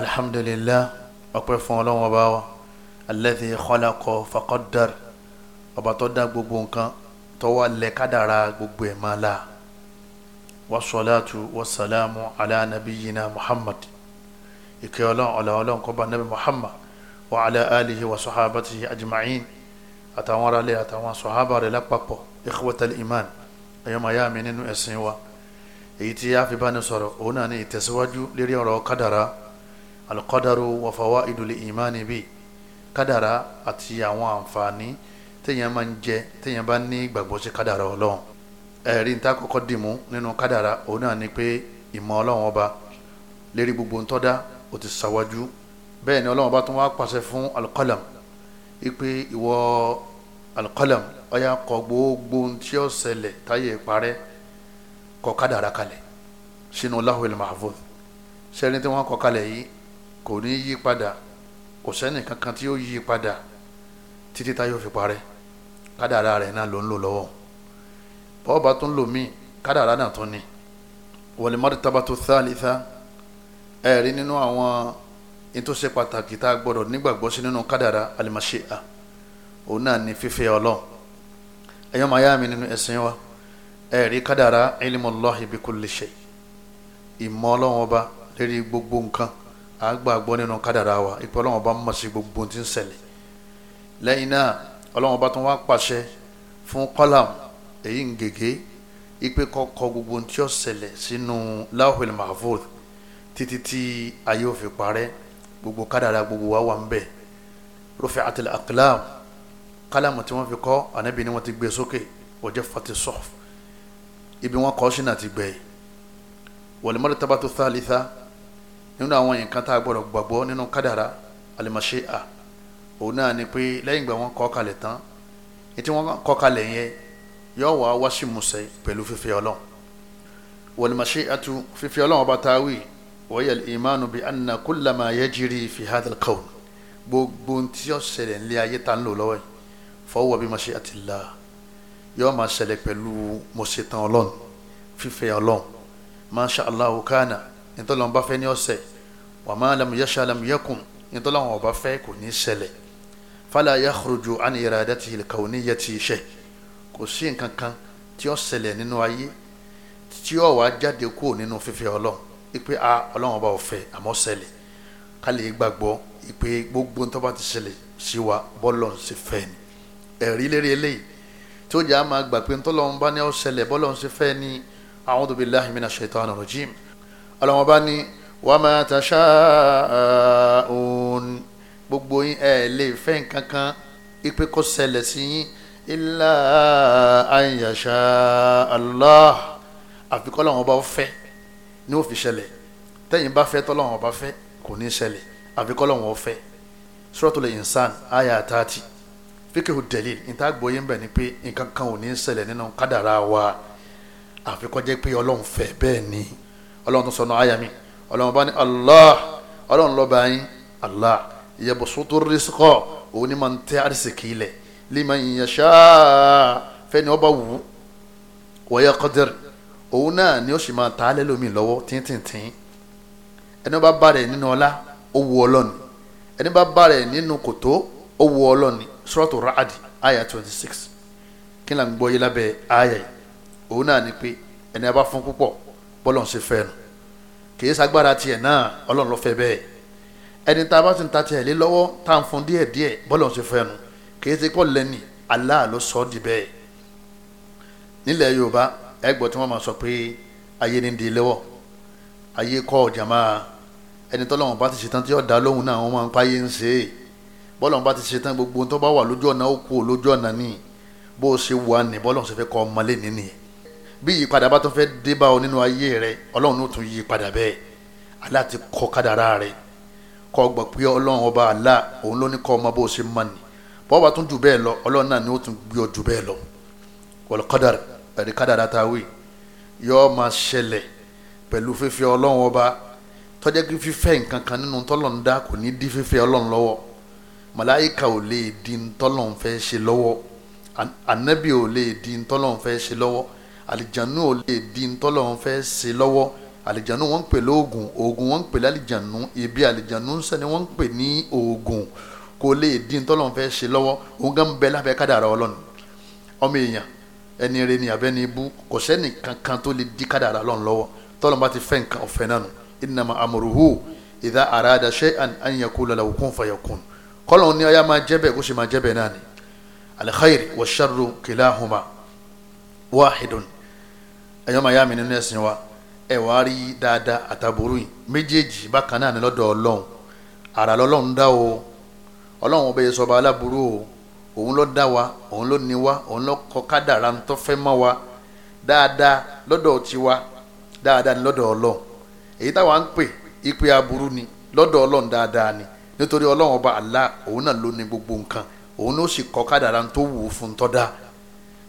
alhamdulilah ọpẹ́ fún Ọlọ́run ọba wa alladhi khalaqa faqaddar ọba tó dá gbogbo nǹkan tó wà lẹ kádàrá gbogbo ẹ̀ máa la wasalaatu wasalaamu ala nabiyina muhammad ìkẹ́ Ọlọ́run ọlá Ọlọ́run kó bá nabi muhammad wa ala alihi wa sahabatihi ajma'in àtàwọn ará ilé àtàwọn sọhábà rẹ̀ lápapọ̀ ikhwatal iman ẹ̀yọ́mọ̀ ayá mi nínú ẹ̀sìn wa èyí tí a fi bá ní sọ̀rọ̀ òun náà ní ìtẹ̀síwájú lérí ọ̀rọ̀ kádàrá alukọ́dàrú wa fawaidul ìmánì bí kádàrá àti àwọn àǹfààní téèyàn máa ń jẹ téèyàn bá ní ìgbàgbọ́ sí kádàrá ọlọ́run ẹ̀rí ń ta kọ́kọ́ dìmú nínú kádàrá òun náà ni pé ìmọ̀ ọlọ́run ọba lérí gbogbo ń tọ́dá ó ti ṣàwájú bẹ́ẹ̀ ni ọlọ́run ọba tún wá pàṣẹ fún alukọ́làm ipe ìwọ alukọ́làm ọ̀yà kọ gbogbo tí ó ṣẹlẹ̀ táyé parẹ́ kọ kádàrá kalẹ̀ sínú lahul mahfuz sẹ́ni tí wọ́n kọ kalẹ̀ kò ní yí padà kò sẹ́ni kankan tí ó yí padà títí táyọ̀ fi parẹ́ kádàrá rẹ̀ náà ló ń lò lọ́wọ́ bọ́ọ̀bà tó ń lò míì kádàrá náà tó ní wọlé mọ́tàbà tó thalitha ẹ̀rí nínú àwọn ìtòsí pàtàkì tá a gbọ́dọ̀ nígbàgbọ́ sí nínú kádàrá al-mashi'a òun náà ní fífẹ́ ọlọ́run ẹ̀yọ́ máa yá mi nínú ẹ̀sìn wa ẹ̀rí kádàrá ilmullahi bi kulli shay ìmọ̀ ọlọ́run ọba lérí gbogbo nǹkan a gbàgbọ́ nínú kádàrá wa ìpè ọlọ́run ọba mọ̀ sí gbogbo tí ń ṣẹlẹ̀ lẹ́yìn náà ọlọ́run ọba tó wá pàṣẹ fún kọ́làm èyí ń gègé ìpè kọ́kọ́ gbogbo tí ó ṣẹlẹ̀ sínú láhùl mahfud títí tí ayé òfin parẹ́ gbogbo kádàrá gbogbo wa wà ń bẹ̀ rufi'atil aqlam kálàmù tí wọ́n fi kọ́ ànábì ni wọ́n ti gbé sókè ọjọ́ fati sọ́f ibi wọn kọ́ sínú àti gbẹ̀yìn wal martabatu thalitha nínú àwọn nǹkan tá a gbọ́dọ̀ gbàgbọ́ nínú kádàrá al-mashi'a òun náà ni pé lẹ́yìn ìgbà wọn kọ́ kalẹ̀ tán ètí wọn kọ́ kalẹ̀ yẹn yóò wá wá sí musẹ pẹ̀lú fífẹ́ ọlọ́run wal-mashi'atu fífẹ́ ọlọ́run ọba táwí wa hiya al-imanu bi anna kulla ma yajri fi hadha al-kawn gbogbo tí ó ṣẹlẹ̀ nílé ayé tá ń lò lọ́wọ́ fa huwa bi mashi'atillah yóò máa ṣẹlẹ̀ pẹ̀lú mọ̀ṣetán ọlọ́run fífẹ́ ọlọ́run ma sha'a Allahu kana nítorí bá fẹ́ ní ọ̀sẹ̀ wa ma lam yasha lam yakun nítorí àwọn ọba fẹ́ kò ní ṣẹlẹ̀ fala yakhruju an iradatihi al-kawniyati shay kò sí nǹkan kan tí ó ṣẹlẹ̀ nínú ayé tí ó wá jáde kúrò nínú fífẹ́ ọlọ́run ipe a ọlọ́run ọba ọ̀fẹ́ àmọ́ ṣẹlẹ̀ ká lè gbàgbọ́ ipe gbogbo tó bá ti ṣẹlẹ̀ sí wa bọ́lọ̀ ń ṣe fẹ́ ni ẹ̀rí lérí eléyìí tí ó jẹ́ gbà pé ntọ́lọ́run bá ní ó ṣẹlẹ̀ bọ́lọ̀ ń ṣe fẹ́ ni a'udhu billahi minash shaitani ọlọ́wọ́n bá ní wa ma tasha'un gbogbo yín ẹ̀ lè fẹ́ nǹkan kan ipe kó ṣẹlẹ̀ sí yín illa an yasha Allah àfikọ́ lọ́wọ́n bá fẹ́ ní ó fi ṣẹlẹ̀ tẹ́yìn bá fẹ́ tọ́lọ́wọ́n bá fẹ́ kò ní ṣẹlẹ̀ àfikọ́ lọ́wọ́n fẹ́ Suratul Insan àyà tààtì fíkìhù dẹ̀lìl níta gbóyè ń bẹ̀ ni pé nǹkan kan ò ní ṣẹlẹ̀ nínú kádàrá wa àfikọ́ jẹ́ pé Ọlọ́run fẹ́ bẹ́ẹ̀ ni ọlọ́run tó sọnù àyà mi ọlọ́run bá ní allah ọlọ́run lọ́ba yín allah yabsutu rizqa òun ni máa ń tẹ́ àrísìkì ilẹ̀ liman yasha fẹ́ni ọba wù wa yaqdir òun náà ni ó sì máa ta á lẹ́lómi lọ́wọ́ tíntìntín ẹni bá bá rẹ̀ nínú ọlá ó wu ọlọ́ni ẹni bá bá rẹ̀ nínú kòtó ó wu ọlọ́ni suratu ra'ad aya twenty six kí n là ń gbọ́ yé lábẹ́ aya yìí òun náà ni pé ẹni bá fún púpọ̀ bọ́lọ́n ṣe fẹ́ nu kì í sagbára tiẹ̀ náà ọlọ́run ló fẹ́ bẹ́ẹ̀ ẹni tá a bá ti ń ta tiẹ̀ lé lọ́wọ́ tá à ń fún díẹ̀ díẹ̀ bọ́lọ́n ṣe fẹ́ nu kì í ti kọ́ lẹ́nì Allah ló sọ ọ́ di bẹ́ẹ̀ nílẹ̀ Yorùbá ẹgbọ́ tí wọ́n máa sọ pé ayé ni di lẹ́wọ̀ ayé kọ́ ọ̀jà máa ẹni tọ́lọ́run bá ti ṣetán tí ọ̀dà lóhùn náà wọ́n máa ń páyé ń ṣe é bọ́lọ́run bá ti ṣetán gbogbo tó bá wà lójú ọ̀nà ó kú lójú ọ̀nà ní bó o ṣe wà ní bọ́lọ́run ṣe fẹ́ kọ́ ọmọlé nínú bí ìyípadà bá tó fẹ́ dé bá ọ nínú ayé rẹ ọlọ́run ló tún yí padà bẹ́ẹ̀ Allah ti kọ kádàrá rẹ kọ́ gbọ́ pé ọlọ́run ọba Allah òun ló ní kọ́ ọmọ bó ṣe mọ̀ ni bọ́ bá tún jù bẹ́ẹ̀ lọ ọlọ́run náà ni ó tún gbé ọ jù bẹ́ẹ̀ lọ wal qadar ẹ̀rí kádàrá ta wí yọ́ọ́ máa ṣẹlẹ̀ pẹ̀lú fífẹ́ ọlọ́run ọba tọ́jẹ́ kí fífẹ́ nǹkan kan nínú tọ́lọ́run dá kò àlìjànú ò lè di ntọ́lọ́hún fẹ́ ṣe lọ́wọ́ àlìjànú wọ́n ń pè lóògùn oògùn wọ́n ń pè lálìjànú ibi àlìjànú ń sẹ́ni wọ́n ń pè ní oògùn kò lè di ntọ́lọ́hún fẹ́ ṣe lọ́wọ́ òun gan bẹ lábẹ́ kádàrá ọlọ́run ọmọ èèyàn ẹni rẹ ni abẹ́ni ibú kò sẹ́ni kankan tó lè di kádàrá ọlọ́run lọ́wọ́ tọ́lọ́run bá ti fẹ́ nǹkan ọ̀fẹ́ náà nù innama amruhu idha arada shay'an an yakula lahu kun fayakun kọ́lọ́hún ni ọ̀yá máa jẹ́ bẹ́ẹ̀ kó sì máa jẹ́ wa sharru kilahuma wahidun ẹ̀yọ́ màá yá mi nínú ẹ̀sìn wa ẹ̀ wá rí dáadáa àtàbúrú yìí méjèèjì bákan náà ní lọ́dọ̀ ọlọ́run àrà lọ́lọ́run dá o ọlọ́run ọbẹ̀ yẹn sọba aláburú o òun ló dá wa òun ló ní wa òun ló kọ kádàrá ń tó fẹ́ mọ́ wa dáadáa lọ́dọ̀ tiwa dáadáa ní lọ́dọ̀ ọlọ́run èyí táwa ń pè ìpè aburú ni lọ́dọ̀ ọlọ́run dáadáa ni nítorí ọlọ́run ọba Allah òun náà ló ní gbogbo nǹkan òun ló sì kọ kádàrá ń tó wù ú fún tọ́da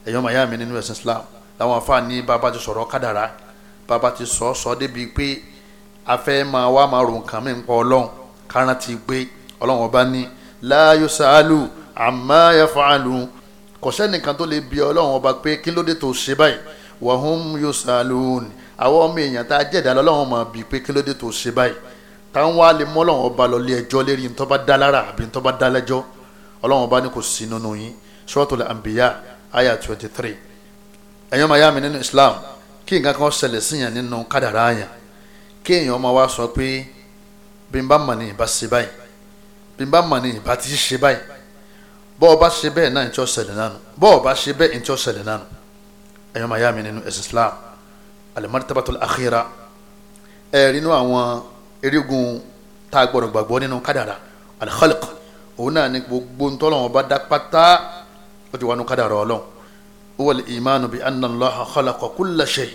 ẹ̀yọ́ màyá mi nínú ẹ̀sìn Islam làwọn afa ní bàbá ti sọ̀rọ̀ kádàrá bàbá ti sọ sọ débi pé afẹ́ máa wá máa rò nǹkan mi pọ̀ ọlọ́run kárán ti gbé ọlọ́run ọba ní la yusalu amma yafalu kò sẹ́nìkan tó lè bi ọlọ́run ọba pé kí ló tó ṣe báyìí wa hum yusalun àwọn ọmọ èèyàn tá a jẹ̀dá lọ́lọ́run máa bi pé kí ló dé tó ṣe báyìí táwọn wá lè mọ́ ọlọ́run ọba lọ lé ẹjọ́ lérí ntọ́ bá dá lára àbí ntọ́ bá dá lẹ́jọ́ ọlọ́run ọba ní kò sí nínú yín Suratul Anbiya aya twenty three ẹ̀yọ́ máa yá mi nínú Islam kí nǹkan kan ṣẹlẹ̀ síyàn nínú kádàrá yàn kí èèyàn máa wá sọ pé bí n bá mọ̀ ní ìbá ṣe báyìí bí n bá mọ̀ ní ìbá ti ṣe báyìí bọ́ ọ bá ṣe bẹ́ẹ̀ náà ìtọ́ ṣẹlẹ̀ nánu bọ́ ọ bá ṣe bẹ́ẹ̀ ìtọ́ ṣẹlẹ̀ nánu ẹ̀yọ́ máa yá mi nínú Islam al-martabatul akhira ẹ̀rí inú àwọn erigun tá a gbọ́dọ̀ gbàgbọ́ nínú kádàrá al òun náà ni gbogbo ntọ́lọ́wọ́n bá dá pátá ó ti wà nínú kádàrá Ọlọ́run wọ́n ìmánu bíi anna Allaha khalaqa kulla shay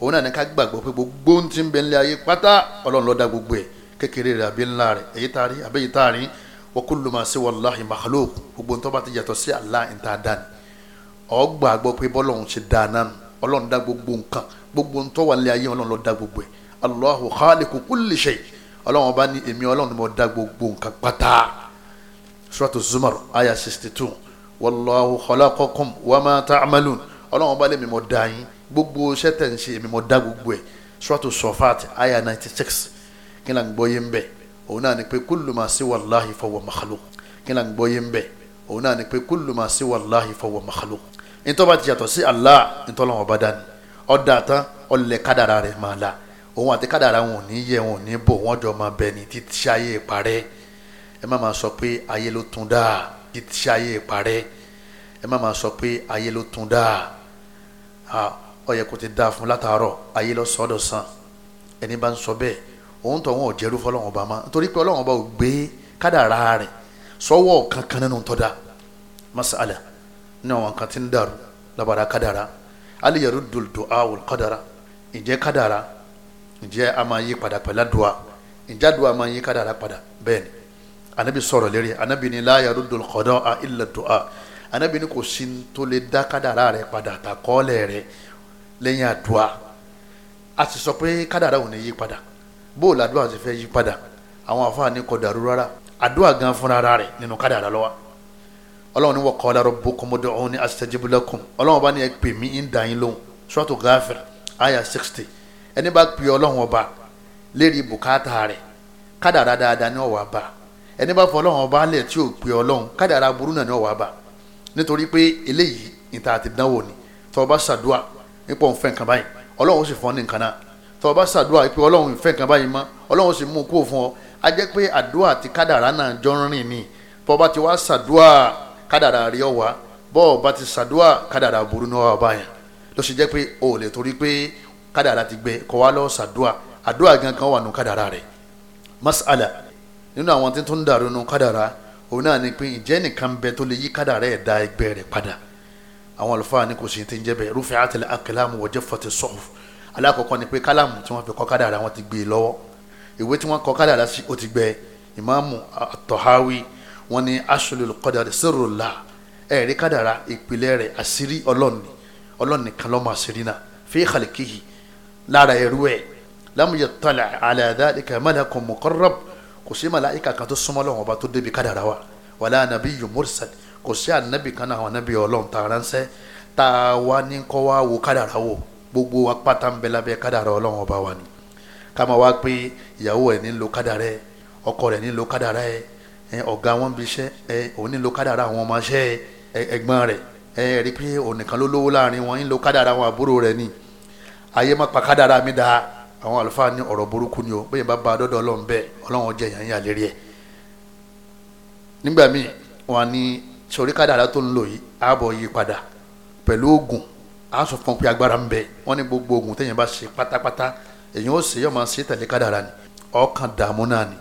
òun náà ní ká gbàgbọ́ pé gbogbo ohun tí ń bẹ nílé ayé pátá ọlọ́run ló dá gbogbo ẹ̀ kékeré rẹ̀ àbí ńlá rẹ̀ èyí tá a rí àbẹ́yìí tá a rí wa kullu ma siwa Allahi makhluq gbogbo ohun tó bá ti yàtọ̀ sí Allah ń ta dání ó gbàgbọ́ pé bọ́lọ́run ṣe dá nánu ọlọ́run dá gbogbo nǹkan gbogbo ohun tó wà nílé ayé ọlọ́run ló wallahu khalaqakum wa ma ta'malun ọlọ́run bá lè mímọ́ dá yín gbogbo sẹ́tẹ̀ ń ṣe mímọ́ dá gbogbo ẹ̀ suratu sọfat aya ninety six kí n là ń gbọ́ yé ń bẹ̀ òun náà ni pé kullu ma siwa Allahi fahuwa makhluq kí n là ń gbọ́ yé ń bẹ̀ òun náà ni pé kullu ma siwa Allahi fahuwa makhluq ntọ́ba ti yàtọ̀ sí Allah ntọ́lọ́wọ́n bá dání ọ̀dà tán ọ̀lẹ̀ kádàrà rẹ̀ máa kì í ṣe ayé ìparẹ́ ẹ má máa sọ pé ayé ló tún dáa ó yẹ kó ti dáa fún látàárọ̀ ayé lọ sọ́dọ̀ sàn ẹni bá ń sọ bẹ́ẹ̀ òun tó wọn ò jẹ́rú fọlọ́wọn ọba mọ́ nítorí pé ọlọ́wọn ọba ò gbé kádàrá rẹ̀ sọ́wọ́ kankan nínú tọ́da masala ní àwọn kan ti ń dàrú labara kádàrá aliyaru dùdù awol kádàrá ǹjẹ́ kádàrá ǹjẹ́ a máa yí padà pẹ̀lú àdúrà ǹjẹ́ àdúrà máa yí kádàrá padà bẹ́ẹ̀ ni anabi sọ̀rọ̀ lérí anabi ni la yarudul qada'a illa du'a anabi ni kò sí tó lè dá kádàrá rẹ padà tà kọ́ọ̀lẹ̀ rẹ lẹ́yìn àdúrà a sì sọ pé kádàrá ò ní yí padà bó o làdúrà ti fẹ́ yí padà àwọn afáàní kò dàrú rárá àdúrà gan fúnra rẹ nínú kádàrá lọ́wọ́ ọlọ́run ni wa qala rabbukum ud'uni astajib lakum ọlọ́run bá ní ẹ pè mí ń dà yín lóhùn aya sixty ẹni bá pè ọlọ́run ọba lérí bùkátà rẹ kádàrá dáadáa ní ọ̀wà bá ẹni bá fọ ọlọ́run ọba alẹ̀ tí ò pe ọlọ́run kádàrá burú náà ni ọ̀wá bá nítorí pé eléyìí ìta àti dánwò ni tọ́ ọba ṣàdúà nípa òun fẹ́ nǹkan báyìí ọlọ́run ó sì fọ́n ní nǹkan náà tọ́ ọba ṣàdúà pé ọlọ́run ìfẹ́ nǹkan báyìí mọ́ ọlọ́run ó sì mú kó fún ọ a pé àdúà àti kádàrá náà jọ ni tọ́ ọba ti wá ṣàdúà kádàrá rí ọ̀wá bọ́ ọba ti ṣàdúà kádàrá burú ní ọ̀wá báyìí ló ṣe jẹ́ pé o ò lè torí pé kádàrá ti gbẹ kọ́ wa lọ́ọ́ ṣàdúà àdúà gan kan wà nù nínú àwọn tí tó ń dàrú nu kádàrá òun náà ni pé ìjẹ́ nìkan bẹ tó lè yí kádàrá ẹ̀dá ẹgbẹ́ rẹ̀ padà àwọn àlùfáà ní kò sí ti ń jẹ́ bẹ́ẹ̀ rúfẹ́ àtẹlẹ akẹlámù wọ́jẹ́ fọ́tẹ sọ́ọ̀f alákọ̀ọ́kọ́ ni pé kálámù tí wọ́n fi kọ kádàrá wọn ti gbé e lọ́wọ́ ìwé tí wọ́n kọ kádàrá sí ó ti gbẹ ìmáàmù àtọ̀háwí wọn ni aṣọlẹ̀ kọ́dàrá sẹ́rọ̀lá ẹ̀rí kádàrá mọ̀kọ́rọ́bù kò sí màláìka kan tó súnmọ́ lọ́wọ́n ọba tó débi kádàrá wa wàlá ànàbí yù mursal kò sí ànàbí kan náà àwọn ànàbí ọlọ́run tá a ránṣẹ́ tá a wá ní kọ́ wá wo kádàrá wò gbogbo apáta ń bẹ lábẹ́ kádàrá ọlọ́run ọba wa ni ká máa wá pé ìyàwó ẹ̀ ní lo kádàrá ẹ̀ ọkọ rẹ̀ ní lo kádàrá ẹ̀ ọ̀gá wọn bí iṣẹ́ ẹ̀ òun ní lo kádàrá àwọn ọmọ iṣẹ́ ẹ̀gbọ́n rẹ̀ ẹ̀ rí pé òun nìkan ló lówó láàrin wọn ń lo kádàrá àwọn àbúrò rẹ̀ ni ayé má pa kádàrá mi dáa àwọn àlùfáà ní ọ̀rọ̀ burúkú ni o bóyá bá ba dọ́dọ̀ ọlọ́run bẹ́ẹ̀ ọlọ́run jẹ yàn yà lérí ẹ̀ nígbà míì wọn ní sọrí kádàrá tó ń lò yìí ààbọ̀ a fún pé agbára ń bẹ wọn ní gbogbo oògùn téèyàn bá ṣe pátápátá èyàn ó ṣe yóò máa ṣe tẹ̀lé kádàrá ni ọkàn dààmú náà ni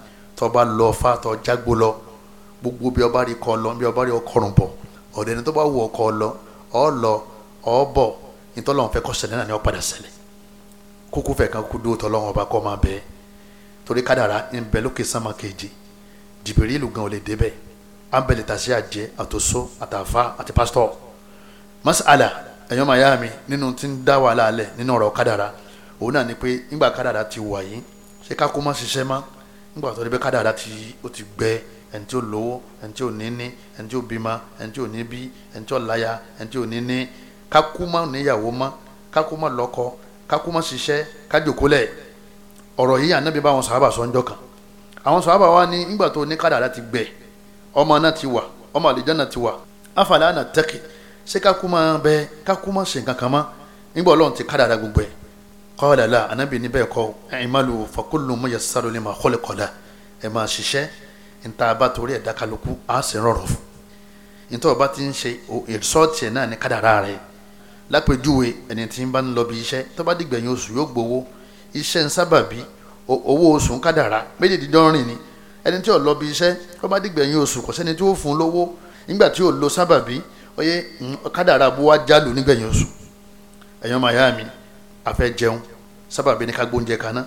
gbogbo bí ọba rí kọ lọ bí ọba rí bọ̀ ọ̀dẹ̀ni tó bá wù ọkọ lọ ọ lọ kókó fẹ́ kan kú dóòtọ́ lọ́wọ́ ọba kọ́ máa bẹ́ẹ̀ torí kádàrá ń bẹ lókè sánmà kejì jìbìrì ìlú gan ò lè débẹ̀ à ń bẹ̀lẹ̀ tàṣí àjẹ àtòsó àtàfà àti masala ẹ̀yọ́n yá mi nínú tí ń dá wàhálà alẹ̀ nínú ọ̀rọ̀ kádàrá òun náà ni pé nígbà kádàrá ti wà yìí ṣé ká má ṣiṣẹ́ má nígbà tó kádàrá ti ó ti gbẹ ẹni tí ó lówó ẹni tí ó níní Kakuma mọ́ ṣiṣẹ́ kájòkólẹ̀ ọ̀rọ̀ yìí ànábì bá àwọn sàhábà sọ ńjọ́ kan àwọn sàhábà wa ní ńgbà tó ní kádàrá ti gbẹ ọmọ náà ti wà ọmọ àlìjánnà ti wà afàlà àná tẹ́kì ṣé kakú mọ́ bẹ kakú mọ́ ṣe nǹkan kan mọ́ ńgbà ọlọ́run ti kádàrá gbogbo ẹ̀ qala la ànábì níbẹ̀ kọ́ i'malu fa kullun muyassaru lima khuliqa lah ẹ̀ máa ṣiṣẹ́ nta bá torí ẹ̀dá kálukú á sì rọrùn fún ntọ́ ọba ti ń ṣe ìrìsọ́ọ̀tì náà lápèjúwe ẹni tí ń bá ń lọ bí iṣẹ́ tó bá dìgbẹ̀yìn oṣù yóò gbowó iṣẹ́ ń sábàbí owó oṣù ń kádàrá méjèèjì dọ́rin ni ẹni tí ò lọ bí iṣẹ́ tó bá dìgbẹ̀yìn oṣù kò sẹ́ni tí ó fún lówó nígbà tí ò lo sábàbí oyè kádàrá bó wá jálù nígbẹ̀yìn oṣù ẹ̀yàn mayami afẹ́ jẹun sábàbí ni ká gbóúnjẹ kaná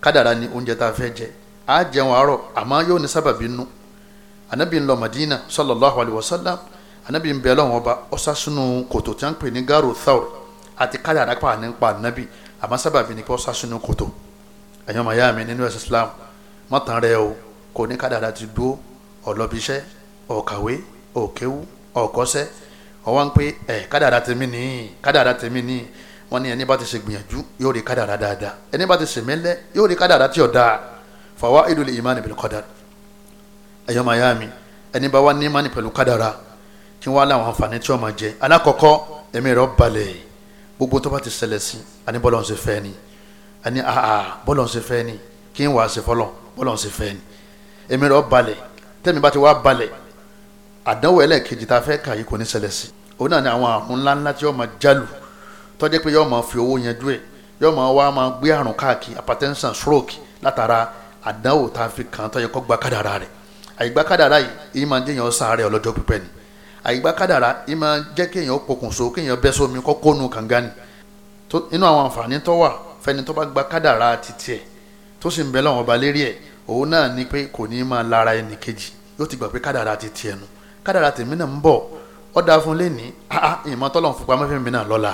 kádàrá ni oúnjẹ tá a fẹ́ jẹ á jẹun àárọ̀ àmọ́ yóò ní sábàbí nú ànábì ń lọ Madina sallallahu alayhi wa sallam anabi ń bẹ lọ́wọ́ ọba ọ̀sá sínú kòtò tí wọ́n ń pè ní garo thaur àti kárí àdápà nípa anabi àmọ́ sábàbí ni pé ọ̀sá sínú kòtò ẹ̀yàn màyá mi nínú ẹ̀sìn islam mọ́tàn rẹ o kò ní kádàrá ti dúró ọ̀lọ́bíṣẹ́ ọ̀kàwé ọ̀kẹ́wú ọ̀kọ́sẹ́ ọ̀wọ́n pé ẹ̀ kádàrá tèmi nìyí kádàrá tèmi nìyí wọ́n ní ẹni bá ti ṣe gbìyànjú yóò rí kádàrá dáadáa imani bil qadar ẹ̀yọ́ màyá mi ẹni bá wà ní imani kí wọ́n á láwọn àǹfààní tí wọ́n máa jẹ alákọ̀ọ́kọ́ ẹ̀mí rẹ̀ balẹ̀ gbogbo tó bá ti ṣẹlẹ̀ sí àní bọ́lọ̀ ń ṣe fẹ́ ni àní àà bọ́lọ̀ ń ṣe fẹ́ ni kí n wàá ṣe fọlọ́ bọ́lọ̀ ń ṣe fẹ́ ni ẹ̀mí rẹ̀ balẹ̀ tẹ́mi bá ti wá balẹ̀ àdánwò ẹlẹ́ẹ̀kejì tá a fẹ́ kà yìí kò ní ṣẹlẹ̀ sí òun náà ni àwọn àrùn ńláńlá tí yóò máa jálù tó pé yóò máa fi owó yanjú ẹ̀ yóò máa wá máa gbé àrùn káàkiri hypertension stroke látara àdánwò tá a fi kàn tó yẹ kó gba kádàrá rẹ̀ àyígbá kádàrá yìí èyí máa ń jẹ́yàn sáré ọlọ́jọ́ pípẹ́ ni àyígbá kádàrá yìí máa jẹ́ kéèyàn pokùnso kéèyàn bẹ́ sómi inú àwọn àǹfààní tó wà fẹ́ni tó bá gba kádàrá títí ẹ̀ tó sì ń bẹ ọba lérí ẹ̀ òun náà ni pé kò ní máa lara ẹnì kejì yóò ti gbà pé títí kádàrá tèmi náà ń bọ̀ ọ́ fún lẹ́ni ìmọ̀ tọ́lọ̀ mi náà lọ́la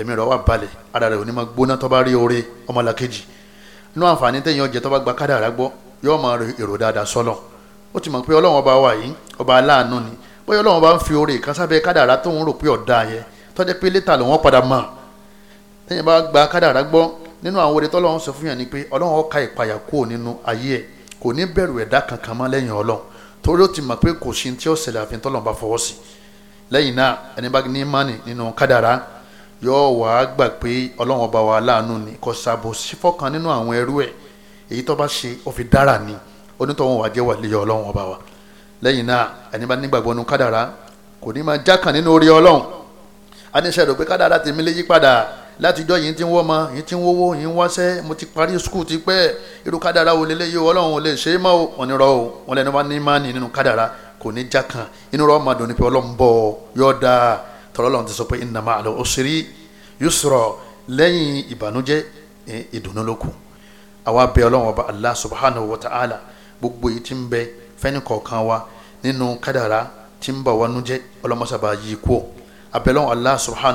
ẹ̀mí rẹ̀ wà balẹ̀ ara rẹ̀ ò ní máa gbóná tó bá rí oore inú àǹfààní tó bá gba kádàrá bóyá ọlọ́run bá ń fi oore kan sábẹ́ kádàrá tó ń rò pé ọ̀dà yẹn tọ́jú pé létà lòun padà mọ̀ tẹ́yìn bá gba kádàrá gbọ́ nínú àwọn oore tọ́lọ́run sọ fún yàn ni pé ọlọ́run ó ka ìpayà kúrò nínú ayé ẹ̀ kò ní bẹ̀rù ẹ̀dá kankan mọ́ lẹ́yìn ọlọ́run torí ó ti mọ̀ pé kò sí tí ó ṣẹlẹ̀ àfi tọ́lọ́run bá fọwọ́ sí lẹ́yìn náà ẹni bá ní mánì nínú kádàrá yóò wá gbà pé ọlọ́run ọba wa láàánú ni kò ṣàbò sífọ́kan nínú àwọn ẹrú ẹ̀ èyí tó bá ṣe ó fi dára ni onítọ̀hún wàá jẹ́ wà lẹ́yìn ọlọ́run ọba wa lẹ́yìn náà ẹni bá nígbàgbọ́ nu kádàrá kò ní máa jákàn nínú orí ọlọ́run a ní sẹ́dọ̀ pé kádàrá ti mi lé yí padà látijọ́ yìí ti ń wọ́mọ yìí ti ń wówó yìí ń wáṣẹ́ mo ti parí skul ti pẹ́ irú kádàrá wo lélẹ́yìí ọlọ́run ò lè ṣe é mọ́ wọn ni rọ o wọn lẹ́nu bá ní máa nì nínú kádàrá kò ní jákàn inú rọ máa dùn ní pé ọlọ́run bọ̀ yọ̀ dáa tọ́lọ́lọ́run subhanahu wa ta'ala gbogbo yìí ti ń bẹ fẹ́ni kọ̀ọ̀kan wa nínú kádàrá tí ń bà wá nújẹ́ ọlọ́mọsábà yìí kú ọ abẹ́lẹ́ Allah subhanahu